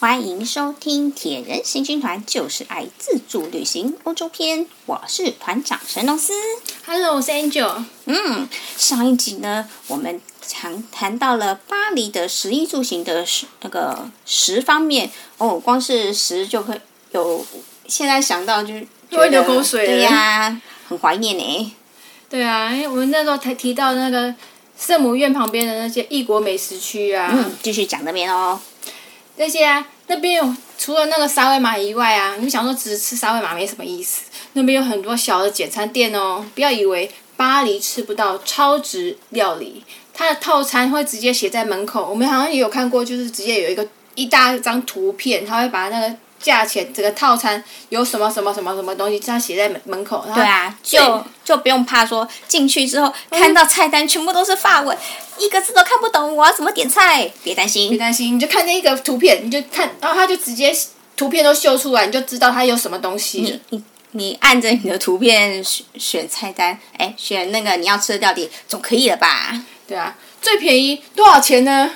歡迎收聽《鐵人行軍團》，就是愛自助旅行歐洲篇。我是團長神龍司。Hello，我是 Angel。嗯，上一集呢，我們談談到了巴黎的食衣住行的那個十方面。哦，光是十就可以有。現在想到就就會流口水，對呀、啊，很懷念呢、欸。對啊，因為我們那時候才提到那個聖母院旁邊的那些異國美食區啊，嗯，繼續講那邊哦。那些啊，那邊有除了那個沙威瑪以外啊，你們想說，只吃沙威瑪沒什麼意思。那邊有很多小的簡餐店哦，不要以為巴黎吃不到超值料理，它的套餐會直接寫在門口。我們好像也有看過，就是直接有一個一大張圖片，它會把那個。價錢，這個套餐有什麼什麼什麼什麼東西，這樣寫在門門口。對啊，就就不用怕說，進去之後看到菜單全部都是法文，嗯，一個字都看不懂，我要怎麼點菜？別擔心，別擔心，你就看那一個圖片，你就看，然後他就直接圖片都秀出來，你就知道他有什麼東西。你你，你按着你的圖片選選菜單，哎，欸，選那個你要吃的料理總可以了吧？對啊，最便宜多少錢呢？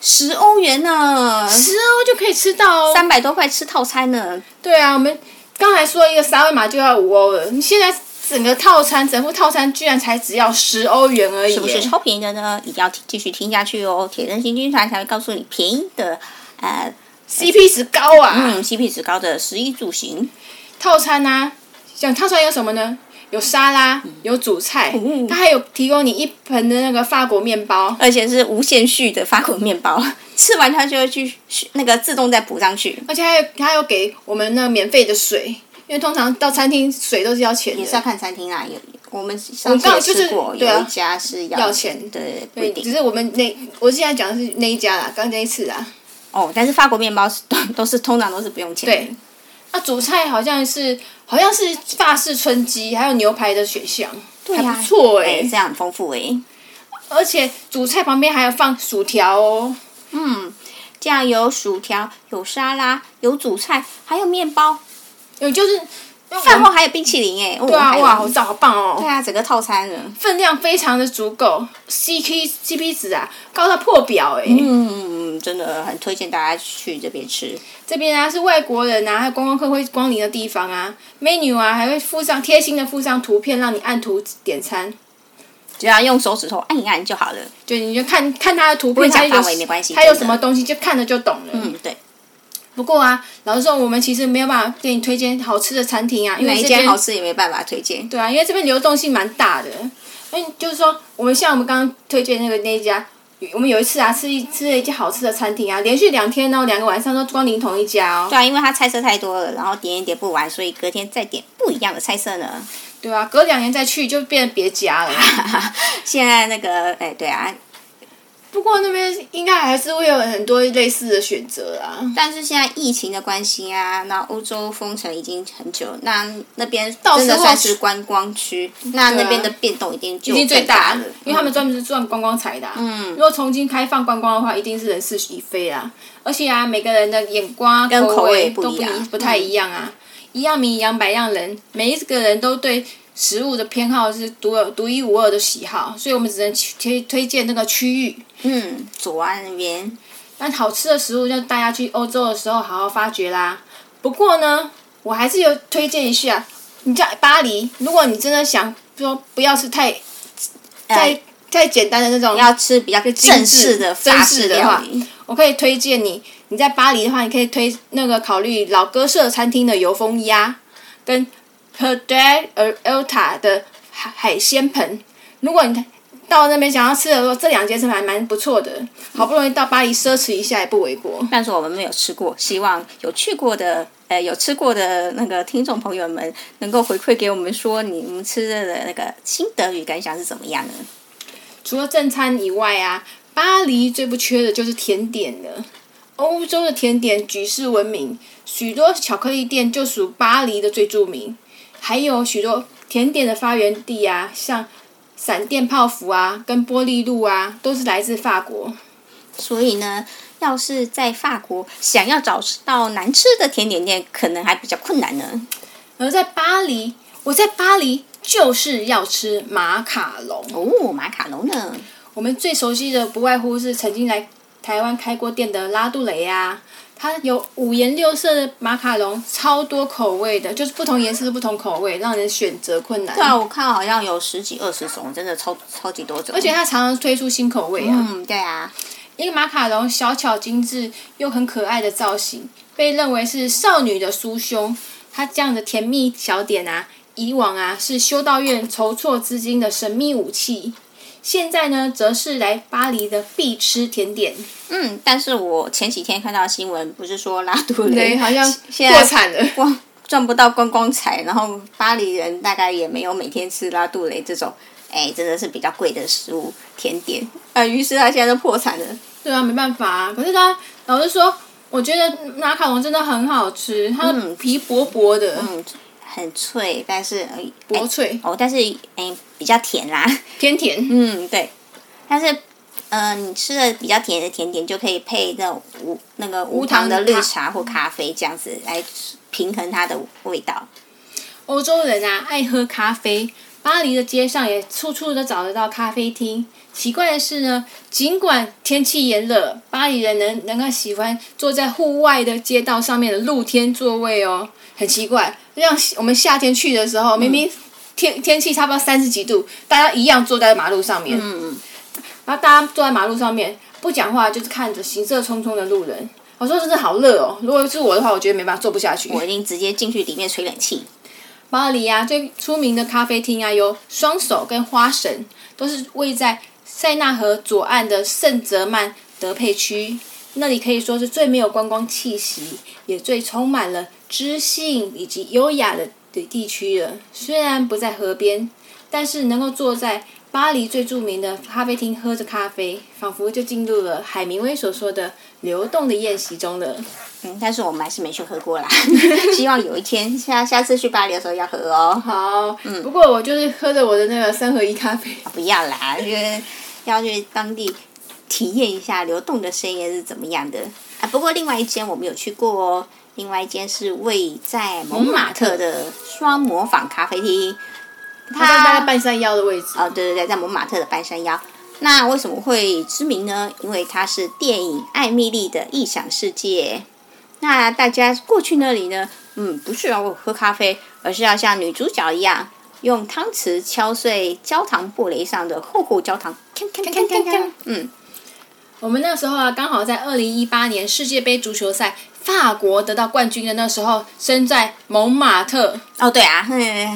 十歐元呢，十歐就可以吃到三、哦、百多塊吃套餐呢。對啊，我們剛才說一個沙威瑪就要五歐，你現在整個套餐，整副套餐居然才只要十歐元而已，是不是超便宜的呢？一定要繼續聽下去哦，鐵人行軍團才會告訴你便宜的，呃，CP 值高啊，嗯，CP 值高的食衣住行套餐啊，想套餐有什麼呢？有沙拉，有主菜，它還有提供你一盆的那個法國麵包，而且是無限續的法國麵包，吃完它就會去那個自動再補上去。而且還有它有給我們那免費的水，因為通常到餐廳水都是要錢的。你是要看餐廳啊，有，有我們上次吃過我們剛剛、就是、有一家是要錢的對啊、要錢、對、不一定。對，只是我們那我現在講的是那一家啦，剛那一次啦。哦，但是法國麵包是都都是，都是通常都是不用錢對。啊，主菜好像是，好像是法式春雞，還有牛排的選項、對啊，還不錯哎、欸欸，這樣很豐富哎、欸。而且主菜旁邊還有放薯條哦。嗯，這樣有薯條，有沙拉，有主菜，還有麵包，有就是。飯後還有冰淇淋誒、欸！哇、哦啊、哇，好讚，好棒哦、喔！對啊，整個套餐了，分量，非常的足夠，CP CP 值啊，高到破表誒、欸、嗯！嗯，真的很推薦大家去這邊吃。這邊啊是外國人啊還有觀光客會光臨的地方啊，menu 啊還會附上貼心的附上圖片讓你按圖點餐，只要用手指頭按一按就好了。就你就看看它的圖片，為他範圍沒關係，它有什麼東西就看了就懂了。嗯，對。不過啊，老實說，我們其實沒有辦法給你推薦好吃的餐廳啊，因為哪一家好吃也沒辦法推薦。對啊，因為這邊流動性蠻大的，因、嗯、為就是說，我們像我們剛剛推薦那個那一家，我們有一次啊，吃一吃了一家好吃的餐廳啊，連續兩天然後兩個晚上都光臨同一家哦。對啊，因為它菜色太多了，然後點也點不完，所以隔天再點不一樣的菜色呢。對啊，隔兩年再去就變成別家了。 現在那個哎，對啊。不過那邊應該還是會有很多類似的選擇啊。但是現在疫情的關係啊，那歐洲封城已經很久，那那邊真的算是觀光區。那那邊的變動一定就最大了，因為他們專門是賺觀光財的、啊。嗯，如果重新開放觀光的話，一定是人事已非啊。而且啊，每個人的眼光、跟口味都不一、啊，不太一樣啊。嗯、一樣米養百樣人，每一個人都對。食物的偏好是獨有獨一無二的喜好，所以我們只能去推推薦那個區域。嗯，左岸、啊、那邊。但好吃的食物，要大家去歐洲的時候好好發掘啦。不過呢，我還是有推薦一下、啊。你在巴黎，如果你真的想說不要吃太，欸、太太簡單的那種，要吃比較正式的法式、正式的話，我可以推薦你。你在巴黎的話，你可以推那個考慮老歌社餐廳的油封鴨，跟。p e r d l t a 的海海鮮盆，如果你到那邊想要吃的時候，這兩間是還蠻不錯的。好不容易到巴黎奢侈一下也不為過。但是我們沒有吃過，希望有去過的、呃，有吃過的那個聽眾朋友們，能夠回饋給我們說，你們吃的那個心得與感想是怎麼樣呢？除了正餐以外啊，巴黎最不缺的就是甜點了。歐洲的甜點舉世聞名，許多巧克力店就屬巴黎的最著名。還有許多甜點的發源地啊，像閃電泡芙啊，跟玻璃露啊，都是來自法國。所以呢，要是在法國想要找到難吃的甜點店，可能還比較困難呢。而在巴黎，我在巴黎就是要吃馬卡龍。哦，馬卡龍呢？我們最熟悉的不外乎是曾經來台灣開過店的拉杜蕾啊。它有五顏六色的馬卡龍，超多口味的，就是不同顏色的不同口味，讓人選擇困難。對啊，我看好像有十幾二十種，真的超超級多種。而且它常常推出新口味啊。嗯，對啊。一個馬卡龍小巧精緻又很可愛的造型，被認為是少女的酥胸。它這樣的甜蜜小點啊，以往啊是修道院籌措資金的神秘武器。現在呢，則是來巴黎的必吃甜點，嗯，但是我前幾天看到新聞，不是說拉杜雷？好像現在破產了哇，賺不到觀光財，然後巴黎人大概也沒有每天吃拉杜雷這種，哎，真的是比較貴的食物甜點。啊、呃，於是他現在都破產了。對啊，沒辦法啊。可是他，老實說，我覺得馬卡龍真的很好吃，它皮薄薄的。嗯嗯很脆，但是、欸、薄脆哦，但是哎、欸、比較甜啦，偏甜，嗯對，但是嗯、呃，你吃的比較甜的甜點，就可以配那種無那個無糖的綠茶或咖啡這樣子來平衡它的味道。歐洲人啊，愛喝咖啡，巴黎的街上也處處都找得到咖啡廳。奇怪的是呢，儘管天氣炎熱，巴黎人能能夠喜歡坐在戶外的街道上面的露天座位哦，很奇怪。像我們夏天去的時候，明明天天氣差不多三十幾度，大家一樣坐在馬路上面。嗯嗯。然後大家坐在馬路上面，不講話，就是看着行色匆匆的路人。我說真的好熱哦！如果是我的話，我覺得沒辦法坐不下去。我已經直接進去裡面吹冷氣。巴黎啊，最出名的咖啡廳啊，有雙手跟花神，都是位在塞納河左岸的聖澤曼德佩區。那裡可以說是最沒有觀光氣息，也最充滿了。知性以及優雅的的地區了，雖然不在河邊，但是能夠坐在巴黎最著名的咖啡廳喝着咖啡，仿佛就進入了海明威所說的“流動的宴席”中了。嗯，但是我們還是沒去喝過啦。 希望有一天下下次去巴黎的時候要喝哦、喔。好，嗯，不過我就是喝着我的那個三合一咖啡。啊、不要啦，要、就是、要去當地體驗一下流動的盛宴是怎麼樣的啊！不過另外一間我們有去過哦、喔。另外一間是位在蒙馬特的雙磨坊咖啡廳，它在半山腰的位置。哦，對對對，在蒙馬特的半山腰。那為什麼會知名呢？因為它是電影《艾蜜莉的異想世界》。那大家過去那裡呢？嗯，不是要喝咖啡，而是要像女主角一樣，用湯匙敲碎焦糖布蕾上的厚厚焦糖，鏘鏘鏘鏘鏘。嗯，我們那時候啊，剛好在二零一八年世界盃足球賽。法國得到冠軍的那時候，身在蒙馬特哦，對啊，嘿嘿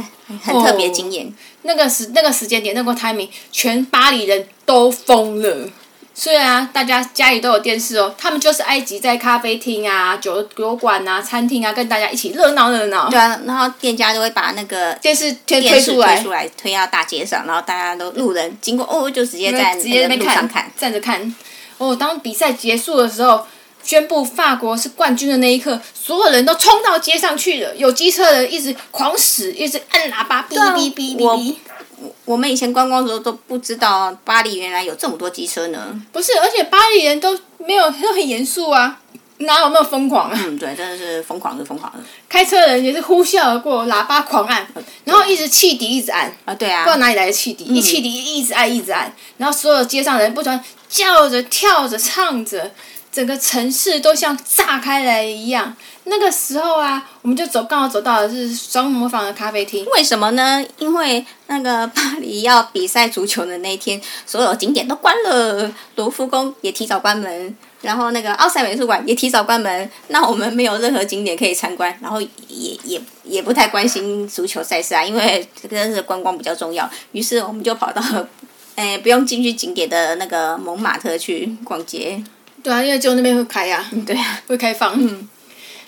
很特別經驗。哦。那個時那個時間點，那個 timing，全巴黎人都瘋了。雖然、啊、大家家裡都有電視哦，他們就是埃及在咖啡廳啊、酒酒館啊、餐廳啊，跟大家一起熱鬧熱鬧。對啊，然後店家就會把那個電視推出來，推出來推到大街上，然後大家都路人經過哦，就直接在那直接在看那路上看站着看。哦，當比賽結束的時候，宣布法國是冠軍的那一刻，所有人都衝到街上去了。有機車的人一直狂駛，一直按喇叭，嗶嗶嗶嗶。我我我們以前觀光的時候都不知道巴黎原來有這麼多機車呢。不是，而且巴黎人都沒有都很嚴肅啊，哪有那麼瘋狂啊？啊、嗯？對，真的是瘋狂是瘋狂的。開車的人也是呼嘯而過，喇叭狂按、嗯，然後一直汽笛一直按。啊，對啊。不知道哪裡來的汽笛，嗯、汽笛一直按一直按，嗯、然後所有街上的人不斷叫着跳着唱着。整個城市都像炸開來一樣。那個時候啊，我們就走，剛好走到了是雙磨坊的咖啡廳。為什麼呢？因為那個巴黎要比賽足球的那天，所有景點都關了，盧浮宮也提早關門，然後那個奧賽美術館也提早關門。那我們沒有任何景點可以參觀，然後也也也不太關心足球賽事啊，因為真的是觀光比較重要。於是我們就跑到了，哎、欸，不用進去景點的那個蒙馬特去逛街。對啊，因為就那邊會開呀、啊，對呀、啊，會開放。嗯，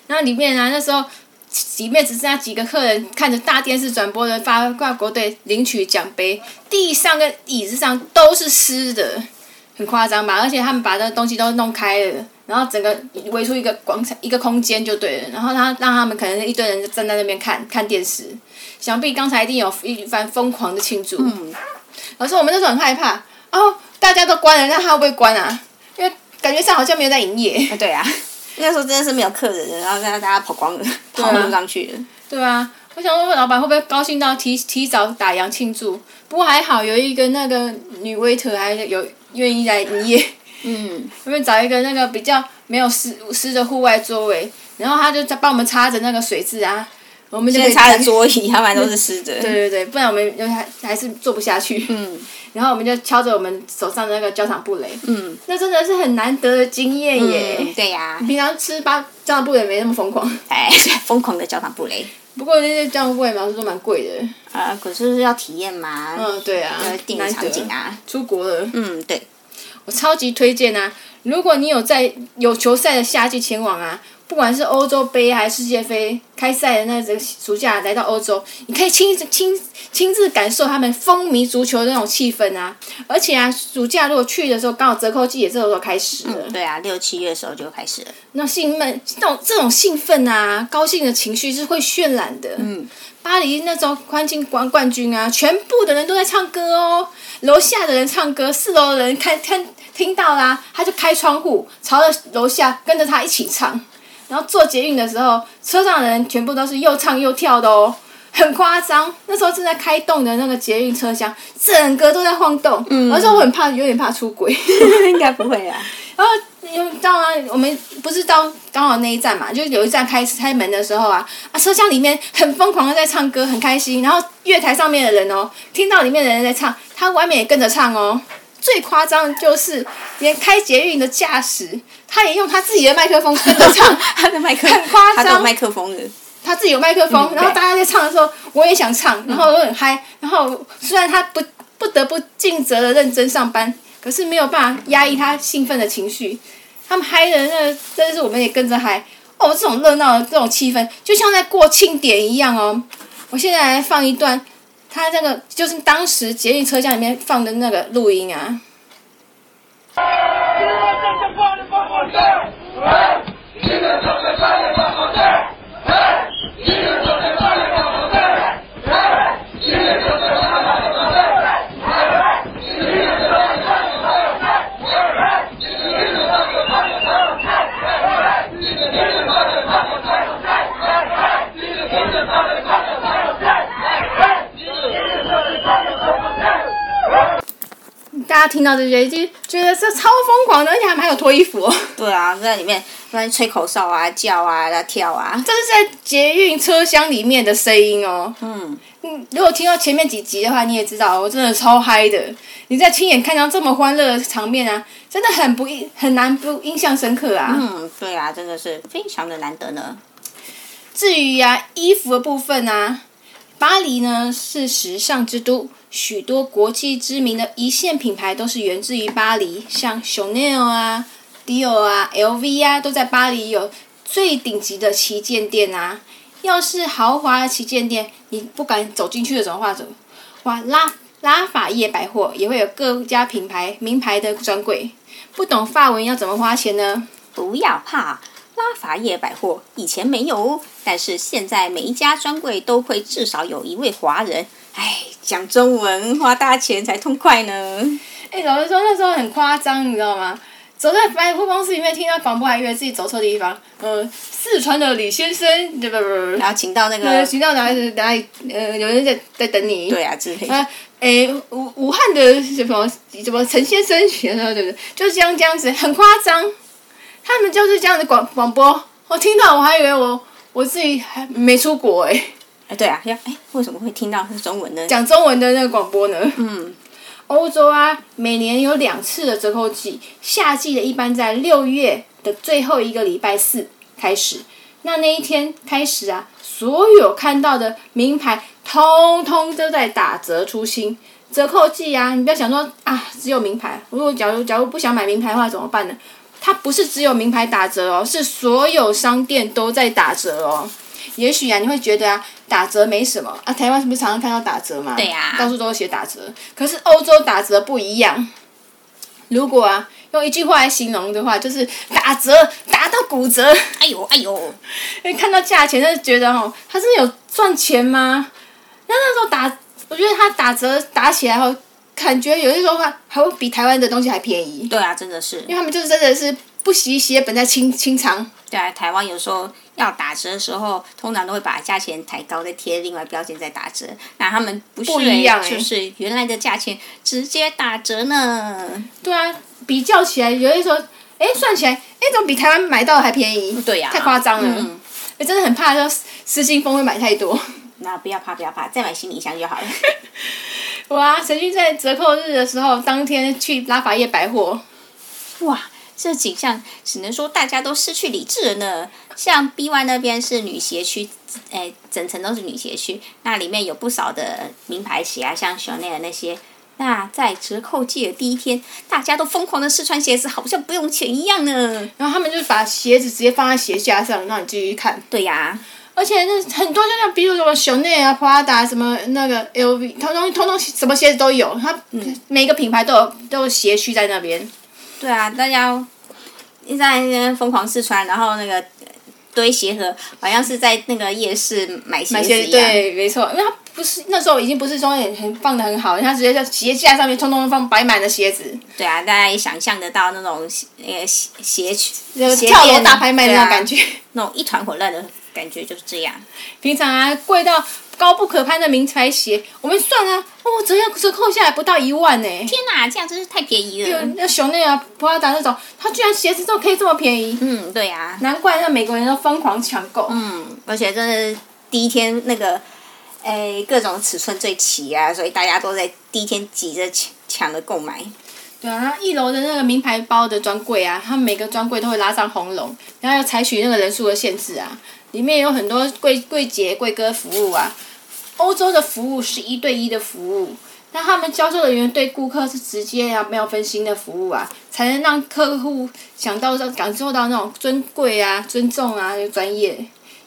然後裡面啊，那時候裡面只剩下幾個客人，看着大電視轉播的法國隊領取獎杯，地上跟椅子上都是濕的，很誇張吧？而且他們把那個東西都弄開了，然後整個圍出一個廣場，一個空間就對了。然後他讓他們可能一堆人就站在那邊看看電視，想必剛才一定有一番瘋狂的慶祝。嗯，老師，我們那時候很害怕哦，大家都關了，那他會不會關啊？感覺上好像沒有在營業、啊。對啊，那時候真的是沒有客人，然後大家大家跑光了、啊，跑路上去了。對啊，我想問問老闆會不會高興到提提早打烊慶祝？不過還好有一個那個女 waiter 還有願意來營業、啊。嗯，後面找一個那個比較沒有濕濕的戶外座位，然後他就在幫我們擦着那個水漬啊。我們現在擦的桌椅，要不然都是濕的。對對對，不然我們就還還是坐不下去。嗯。然後我們就敲着我們手上的那個焦糖布蕾。嗯。那真的是很難得的經驗耶。嗯、對呀、啊。平常吃巴焦糖布蕾沒那麼瘋狂。哎，瘋 狂的焦糖布蕾。不過那些焦糖布蕾，老實說蠻貴的。啊、呃，可是要體驗嘛。嗯，對啊。電影場景啊。出國了。嗯，對。我超級推薦啊！如果你有在有球賽的夏季前往啊。不管是歐洲盃還是世界盃開賽的那個暑假，來到歐洲，你可以親自親親自感受他們風靡足球的那種氣氛啊！而且啊，暑假如果去的時候，剛好折扣季也這時候開始了。嗯。對啊，六七月的時候就開始了。那興奮，這種這種興奮啊，高興的情緒是會渲染的。嗯，巴黎那種環境，冠冠軍啊，全部的人都在唱歌哦，樓下的人唱歌，四樓的人開看，看聽到啦，啊，他就開窗戶朝着樓下跟着他一起唱。然後坐捷運的時候，車上的人全部都是又唱又跳的哦，很誇張。那時候正在開動的那個捷運車廂，整個都在晃動，嗯，而且我很怕，有點怕出軌。應該不會啦。然後因為到啊，我們不是到剛好那一站嘛，就是有一站開始開門的時候啊，啊，車廂裡面很瘋狂的在唱歌，很開心。然後月台上面的人哦，聽到裡面的人在唱，他外面也跟着唱哦。最誇張的就是連開捷運的駕駛，他也用他自己的麥克風跟着唱， 他的麥克很誇張，他有麥克風的，他自己有麥克風、嗯，然後大家在唱的時候，我也想唱，然後我很嗨，然後雖然他不不得不盡責的認真上班，可是沒有辦法壓抑他興奮的情緒、嗯，他們嗨的那個、真的是我們也跟着嗨，哦，這種熱鬧的這種氣氛，就像在過慶典一樣哦，我現在來放一段。他這個就是當時捷運車廂裡面放的那個錄音啊。哎哎聽到這些，就覺得這超瘋狂的，而且還蠻有脫衣服哦。對啊，在裡面突然吹口哨啊、叫啊、跳啊，這是在捷運車廂裡面的聲音哦。嗯，如果聽到前面幾集的話，你也知道，我真的超嗨的。你在親眼看到這麼歡樂的場面啊，真的很不印，很難不印象深刻啊。嗯，對啊，真的是非常的難得呢。至於呀、啊，衣服的部分啊。巴黎呢，是時尚之都，許多國際知名的一線品牌都是源自於巴黎，像 Chanel 啊、Dior 啊、LV 啊，都在巴黎有最頂級的旗艦店啊。要是豪華的旗艦店，你不敢走進去的話，怎麼？哇，拉拉法葉百貨也會有各家品牌名牌的專櫃。不懂法文要怎麼花錢呢？不要怕。拉法葉百貨以前沒有，但是現在每一家專櫃都會至少有一位華人。哎，講中文，花大錢才痛快呢。哎、欸，老實說，那時候很誇張，你知道嗎？走在百貨公司裡面，聽到廣播還以為自己走錯地方。呃，四川的李先生，對不對，不，然後請到那個，呃、請到哪哪，呃，有人在在等你。對啊，就是。哎、呃欸，武武漢的什麼什麼陳先生先生，對不對？就這樣這樣子，很誇張。他們就是這樣的廣廣播，我聽到我還以為我我自己還沒出國哎、欸、哎、欸、對啊，哎、欸、為什麼會聽到是中文呢？講中文的那個廣播呢？嗯，歐洲啊，每年有兩次的折扣季，夏季的一般在六月的最後一個禮拜四開始，那那一天開始啊，所有看到的名牌通通都在打折出新折扣季啊，你不要想說啊，只有名牌，如果假如假如不想買名牌的話，怎麼辦呢？它不是只有名牌打折哦，是所有商店都在打折哦。也許啊，你會覺得啊，打折沒什麼啊。台灣是不是常常看到打折嘛？對呀、啊，到處都是寫打折。可是歐洲打折不一樣。如果啊，用一句話來形容的話，就是打折打到骨折。哎呦哎呦，看到價錢就覺得哦，他真的有賺錢嗎？那那時候打，我覺得他打折打起來後。感覺有些時候還還會比台灣的東西還便宜。對啊，真的是。因為他們就是真的是不惜一切，本來清清倉。對啊，台灣有時候要打折的時候，通常都會把價錢抬高，再貼另外標籤再打折。那他們不是不一樣、欸、就是原來的價錢直接打折呢。對啊，比較起來，有些時候，哎、欸，算起來，哎、欸，怎麼比台灣買到的還便宜？對呀、啊，太誇張了。嗯，嗯。哎、欸，真的很怕的，說失心瘋會買太多。那不要怕，不要怕，再買行李箱就好了。 哇！曾經在折扣日的時候，當天去拉法葉百貨，哇，這景象只能說大家都失去理智了呢。像 B one 那邊是女鞋區，哎，整層都是女鞋區，那裡面有不少的名牌鞋啊，像 Chanel 那些。那在折扣季的第一天，大家都瘋狂的試穿鞋子，好像不用錢一樣呢。然後他們就是把鞋子直接放在鞋架上，讓你繼續看。對呀、啊。而且那很多就像比如什麼香奈兒啊、普拉達什麼那個 LV，通通通通什麼鞋子都有，它每個品牌都有，都有鞋區在那邊、嗯。對啊，大家一直在那邊瘋狂試穿，然後那個堆鞋盒，好像是在那個夜市買鞋子。買鞋子對，沒錯，因為它不是那時候已經不是說很放的很好，它直接在鞋架上面通通放擺滿了鞋子。對啊，大家也想象得到那種鞋、那個、鞋鞋區。就跳樓大拍賣的那種感覺、啊，那種一團混亂的。感覺就是這樣。平常啊，貴到高不可攀的名牌鞋，我們算了，哦，折要折扣下來不到一萬呢、欸。天哪、啊，這樣真是太便宜了。那熊那個，普拉達那種，它居然鞋子都可以這麼便宜。嗯，對啊，難怪那美國人都瘋狂搶購。嗯，而且真的第一天那個，哎、欸，各種尺寸最齊啊，所以大家都在第一天擠着搶搶着購買。對啊，然後一樓的那個名牌包的專櫃啊，他們每個專櫃都會拉上紅龍，然後要採取那個人數的限制啊。裡面有很多櫃、櫃姐、櫃哥服務啊，歐洲的服務是一對一的服務，但他們銷售人員對顧客是直接啊沒有分心的服務啊，才能讓客戶想到、讓感受到那種尊貴啊、尊重啊、專業。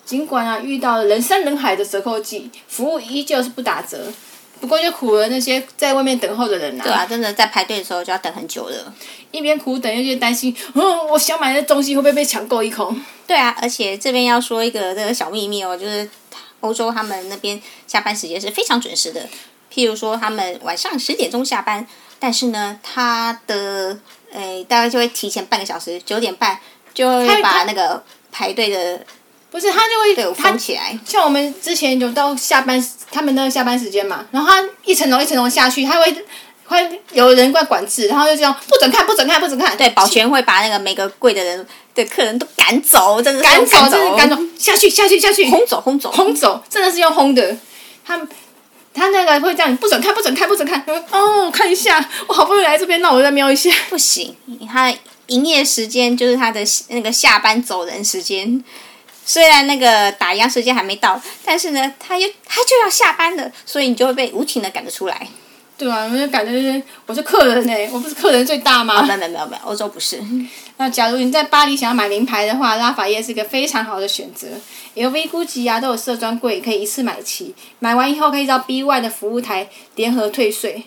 儘管啊遇到了人山人海的折扣季，服務依舊是不打折。不過就苦了那些在外面等候的人啊，對啊，真的在排隊的時候就要等很久了。一邊苦等，一邊擔心，哦，我想買的東西會不會被搶購一空？對啊，而且這邊要說一個這個小秘密哦，就是歐洲他們那邊下班時間是非常準時的。譬如說他們晚上十點鐘下班，但是呢，他的誒大概就會提前半個小時，九點半就會把那個排隊的。太太不是他就會，起來，像我們之前有到下班，他們的下班時間嘛，然後他一層樓一層樓下去，他會會有人過來管制，然後就這樣不准看，不准看，不准看。准看對，保全會把那個每個櫃的人，的客人都趕走，真的趕走，真的、就是、趕走，下去下去下去，轟走轟走轟走，真的是用轟的。他他那個會這樣，不准看不准看不准看，不准看哦看一下，我好不容易來這邊，那我再瞄一下。不行，他的營業時間就是他的那個下班走人時間。雖然那個打烊時間還沒到，但是呢，他又他就要下班了，所以你就會被無情的趕得出來。對啊，我就感覺、就是、我是客人呢、欸，我不是客人最大嗎？沒有沒有沒有，歐洲不是。那假如你在巴黎想要買名牌的話，拉法葉是一個非常好的選擇。L V、古馳啊，都有設專櫃，可以一次買齊。買完以後可以到 B Y 的服務台聯合退稅。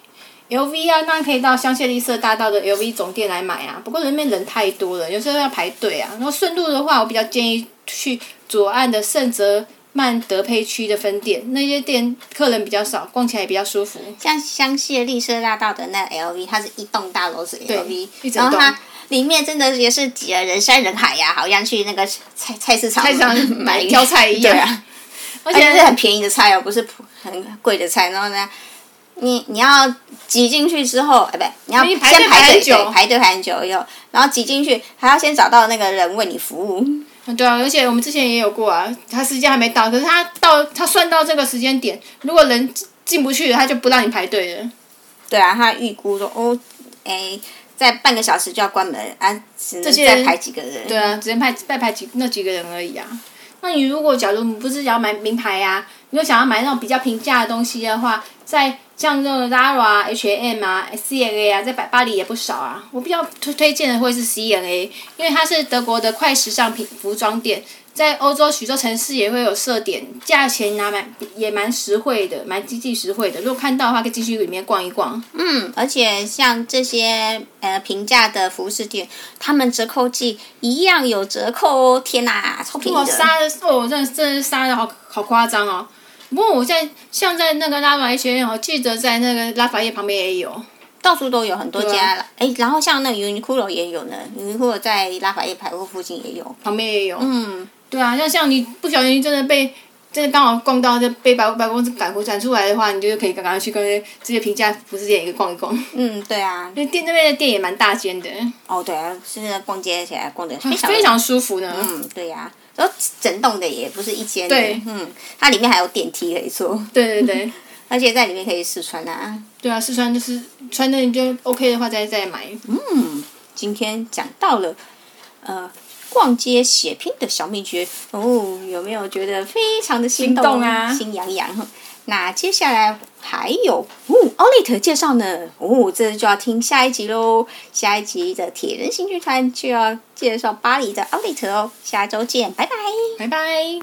L V 啊，那可以到香榭麗舍大道的 L V 總店來買啊，不過那邊人太多了，有時候要排隊啊。然後順路的話，我比較建議。去左岸的聖澤曼德佩區的分店，那些店客人比較少，逛起來也比較舒服。像香榭麗舍大道的那 LV，它是一棟大樓是 LV，然後它裡面真的也是擠了人山人海呀，好像去那個菜菜市場菜市場買挑菜一樣 對啊。而且是很便宜的菜哦，不是普很貴的菜。然後呢，你你要擠進去之後，哎，不，你要先排隊排很久。對，排隊排很久以後，然後擠進去還要先找到那個人為你服務。嗯，對啊，而且我們之前也有過啊，他時間還沒到，可是他到他算到這個時間點，如果人進不去了，他就不讓你排隊了。對啊，他預估說哦，哎，再半個小時就要關門啊，只能再排幾個人。對啊，只能排再排幾那幾個人而已啊。那你如果假如你不是要買名牌呀，啊，你又想要買那種比較平價的東西的話，在。像這種 Zara 啊，H&M 啊，C&A 啊，在百巴黎也不少啊。我比較推推薦的會是 C&A，因為它是德國的快時尚品服裝店，在歐洲許多城市也會有設點，價錢拿、啊、蠻也蠻實惠的，蠻經濟實惠的。如果看到的話，可以進去裡面逛一逛。嗯，而且像這些呃平價的服飾店，他們折扣季一樣有折扣哦！天哪、啊，超便宜的，殺哦，真這殺的，的好好誇張哦。不過我在像在那個拉法葉學院，我記得在那個拉法葉旁邊也有，到處都有很多家。哎、啊欸，然後像那尤尼庫羅也有呢，尤尼庫羅在拉法葉百貨附近也有，旁邊也有。嗯，對啊，要像，像你不小心真的被。就是剛好逛到，就被百百貨公司趕趕出來的話，你就是可以剛剛去跟這些平價服飾店也逛一逛。嗯，對啊，那店那邊的店也蠻大間的。哦，對啊，現在逛街起來逛的非常、啊、非常舒服呢。嗯，對呀、啊，然後整棟的也不是一間的對，嗯，它裡面還有電梯可以坐。對對對， 而且在裡面可以試穿啊。對啊，試穿就是穿的你就 OK 的話再，再再買。嗯，今天講到了，呃。逛街血拼的小秘訣哦，有沒有覺得非常的心動，心動啊？心癢癢。那接下來還有哦，Outlet 介紹呢哦，這就要聽下一集嘍。下一集的鐵人行軍團就要介紹巴黎的 Outlet 哦。下周見，拜拜。拜拜。